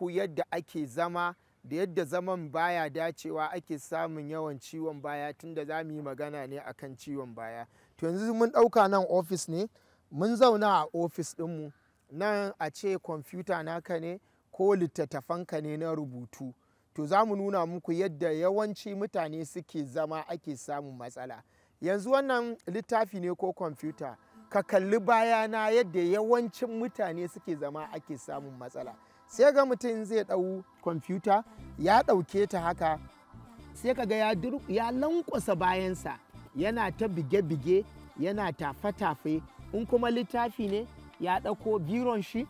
ku yadda ake zama da yadda zaman baya dacewa ake samun yawan ciwon baya tunda za mu yi magana ne akan ciwon baya to yanzu mun ɗauka nan ofis ne mun zauna a ofis ɗinmu nan a ce kwamfuta naka ne ko littattafanka ne na rubutu to za mu nuna muku yadda yawanci mutane suke zama ake samun matsala yanzu wannan littafi ne ko kwamfuta ka kalli bayana yadda yawancin mutane suke zama ake samun matsala sai ga mutum zai ɗau kwamfuta ya ɗauke ta haka sai ka ga ya lankwasa bayansa yana ta bige-bige yana tafe-tafe in kuma littafi ne ya ɗauko biron shi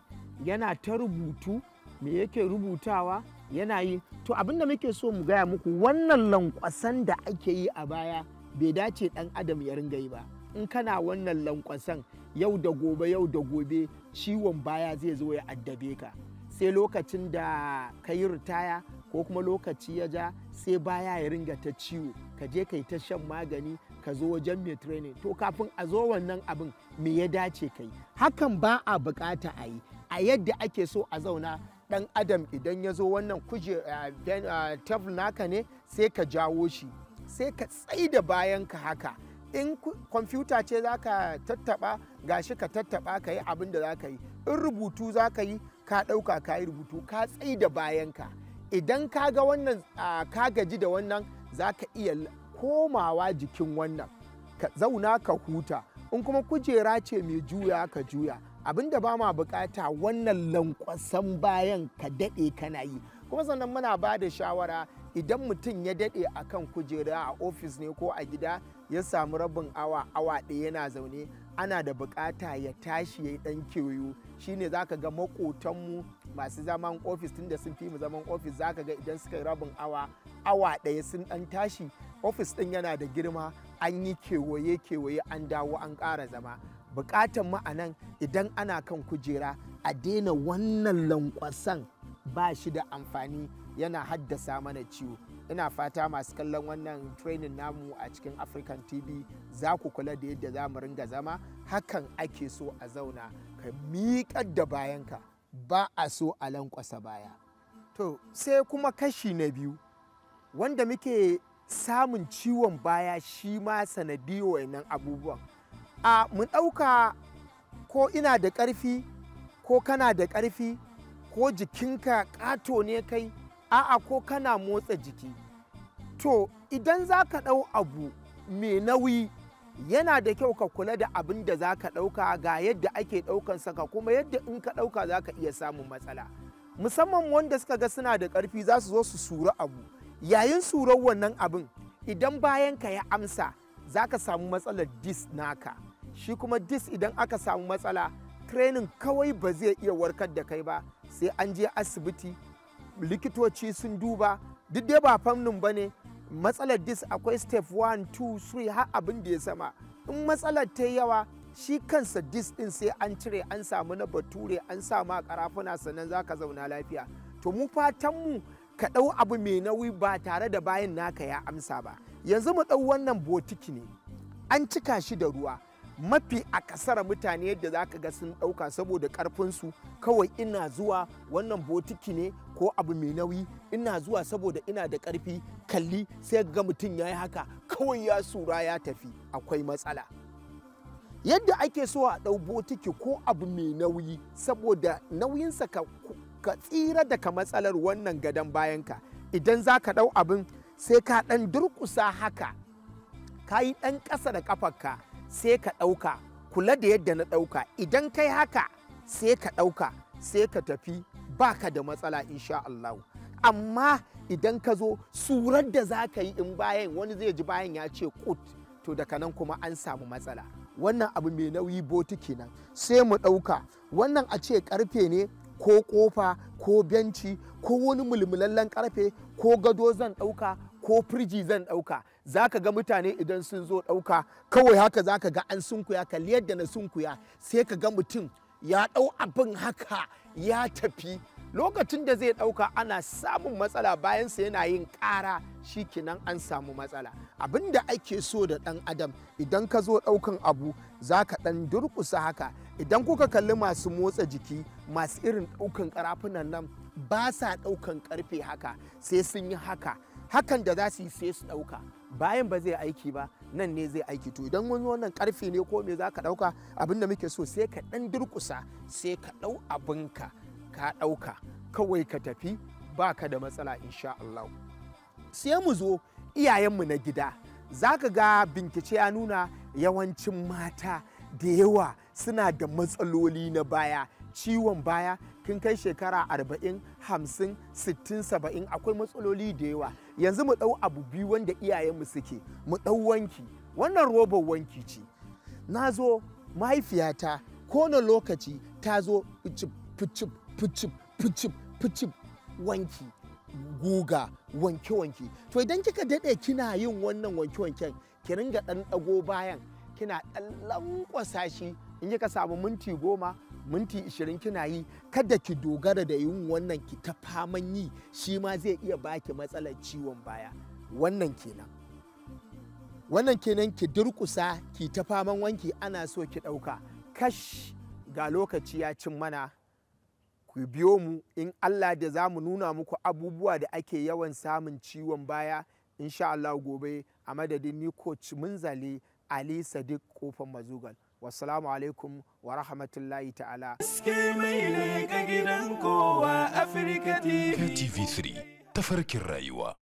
yana ta rubutu me yake rubutawa yana yi to abin da muke so mu gaya muku wannan lankwasan da ake yi a baya bai dace ɗan adam ya ringa yi ba in kana wannan lankwasan yau da gobe yau da gobe ciwon baya zai zo ya addabe ka sai lokacin da ka yi ritaya ko kuma lokaci ya ja sai baya ya ringa ta ciwo ka je ka yi ta shan magani ka zo wajen mai training to kafin a zo wannan abin me ya dace ka yi hakan ba a bukata a yi a yadda ake so a zauna dan adam idan ya zo wannan kuje eh, table eh, naka ne sai ka jawo shi sai ka tsaida bayan ka haka in kwamfuta ce za ka tattaɓa gashi ka tattaɓa ka yi abin da za ka yi in rubutu za ka yi ka ɗauka ka yi rubutu ka tsayi da bayanka idan ka ga wannan ka gaji da wannan za ka iya komawa jikin wannan ka zauna ka huta in kuma kujera ce mai juya ka juya abin da ba ma bukata wannan lankwasan bayan ka daɗe kana yi kuma sannan muna ba da shawara idan mutum ya daɗe a kan kujera a ofis ne ko a gida ya samu rabin awa awa ɗaya yana zaune ana da bukata ya tashi ya yi ɗan kewayo za ka ga maƙotanmu masu zaman ofis tunda sun fi mu zaman ofis za ka ga idan suka rabin awa awa ɗaya sun ɗan tashi ofis ɗin yana da girma an yi kewaye kewaye an dawo an ƙara zama bukatan mu a nan idan ana kan kujera a daina wannan lankwasan ba shi da amfani yana haddasa mana ciwo ina fata masu kallon wannan training namu a cikin african tv za ku kula da yadda za mu ringa zama hakan ake so a zauna ka miƙar da bayanka ba a so a lankwasa baya to sai kuma kashi na biyu wanda muke samun ciwon baya shi ma sanadiyo nan abubuwan a mu ɗauka ko ina da ƙarfi ko kana da ƙarfi ko jikinka ƙato ne kai a'a ko kana motsa jiki to idan za ka ɗau abu mai nauyi yana da kyau ka kula da abin da za ka ɗauka ga yadda ake ɗaukan saka kuma yadda in ka ɗauka za ka iya samun matsala musamman wanda suka ga suna da ƙarfi za su zo su sura abu yayin surar wannan abin idan bayan ka ya amsa za ka samu matsalar dis naka shi kuma dis idan aka samu matsala training kawai ba zai iya warkar da kai ba sai an je asibiti likitoci sun duba duk dai ba fannin ba ne matsalar dis akwai step 1 2 3 har abin da ya sama in matsalar ta yawa shi kansa dis din sai an cire an samu na bature an samu a karafuna sannan za ka zauna lafiya to mu fatanmu ka ɗau abu mai nauyi ba tare da bayan naka ya amsa ba yanzu mu ɗau wannan botiki ne an cika shi da ruwa mafi a akasara mutane yadda za ka ga sun ɗauka saboda ƙarfinsu kawai ina zuwa wannan botiki ne ko abu mai nauyi ina zuwa saboda ina da ƙarfi kalli sai ga mutum ya yi haka kawai ya sura ya tafi akwai matsala yadda ake so a ɗau botiki ko abu mai nauyi saboda nauyinsa ka, ka tsira daga matsalar wannan gadon bayanka idan za ka ɗau abin sai ka ɗan durƙusa haka ka yi ɗan ƙasa da ƙafarka sai ka ɗauka kula da yadda na ɗauka idan kai haka sai ka ɗauka sai ka tafi baka da matsala insha Allah amma idan ka zo surar da za ka yi in bayan wani zai ji bayan ya ce kut to daga nan kuma an samu matsala wannan abu mai nauyi botu kenan sai mu ɗauka wannan a ce ƙarfe ne ko ƙofa ko benci ko wani mulmulallen karfe ko gado zan ɗauka ko firji zan ɗauka za ka ga mutane idan sun zo ɗauka kawai haka za ka ga an sunkuya kalli yadda na sunkuya sai ka ga mutum ya ɗau abin haka ya tafi lokacin da zai ɗauka ana samun matsala bayan sa yana yin ƙara shi kinan an samu matsala Abinda ake so da ɗan adam idan ka zo ɗaukan abu zaka ka ɗan durƙusa haka idan kuka kalli masu motsa jiki masu irin ɗaukan ƙarafunan nan ba sa ɗaukan ƙarfe haka sai sun yi haka hakan da za su yi sai su ɗauka bayan ba zai aiki ba nan ne zai aiki to idan wani wannan karfe ne ko me za ka ɗauka abin da muke so sai ka ɗan durkusa sai ka ɗau abinka ka ka ɗauka kawai ka tafi ba ka da matsala insha Allah sai mu zo iyayenmu na gida za ka ga bincike ya nuna yawancin mata da yawa suna da matsaloli na baya ciwon baya kin kai shekara arba'in, 50 60 70 akwai matsaloli da yawa yanzu mu ɗau abu biyu wanda iyayen mu suke mu ɗau wanki wannan robar wanki ce na zo mahaifiyata na lokaci ta zo ficip ficip ficip ficip wanki guga wanke-wanke to idan kika daɗe kina yin wannan wanke-wanken ki ringa ɗan ɗago bayan kina ɗan lankwasa shi in kika samu minti goma minti ishirin kina yi kada ki dogara da yin wannan ki ta faman yi shi ma zai iya baki matsalar ciwon baya wannan kenan wannan kenan ki durkusa ki ta faman wanki ana so ki ɗauka kash ga lokaci ya cin mana ku biyo mu in Allah da za mu nuna muku abubuwa da ake yawan samun ciwon baya insha Allah gobe a madadin ni coach munzale Ali Sadiq kofar Mazugal. والسلام عليكم ورحمة الله تعالى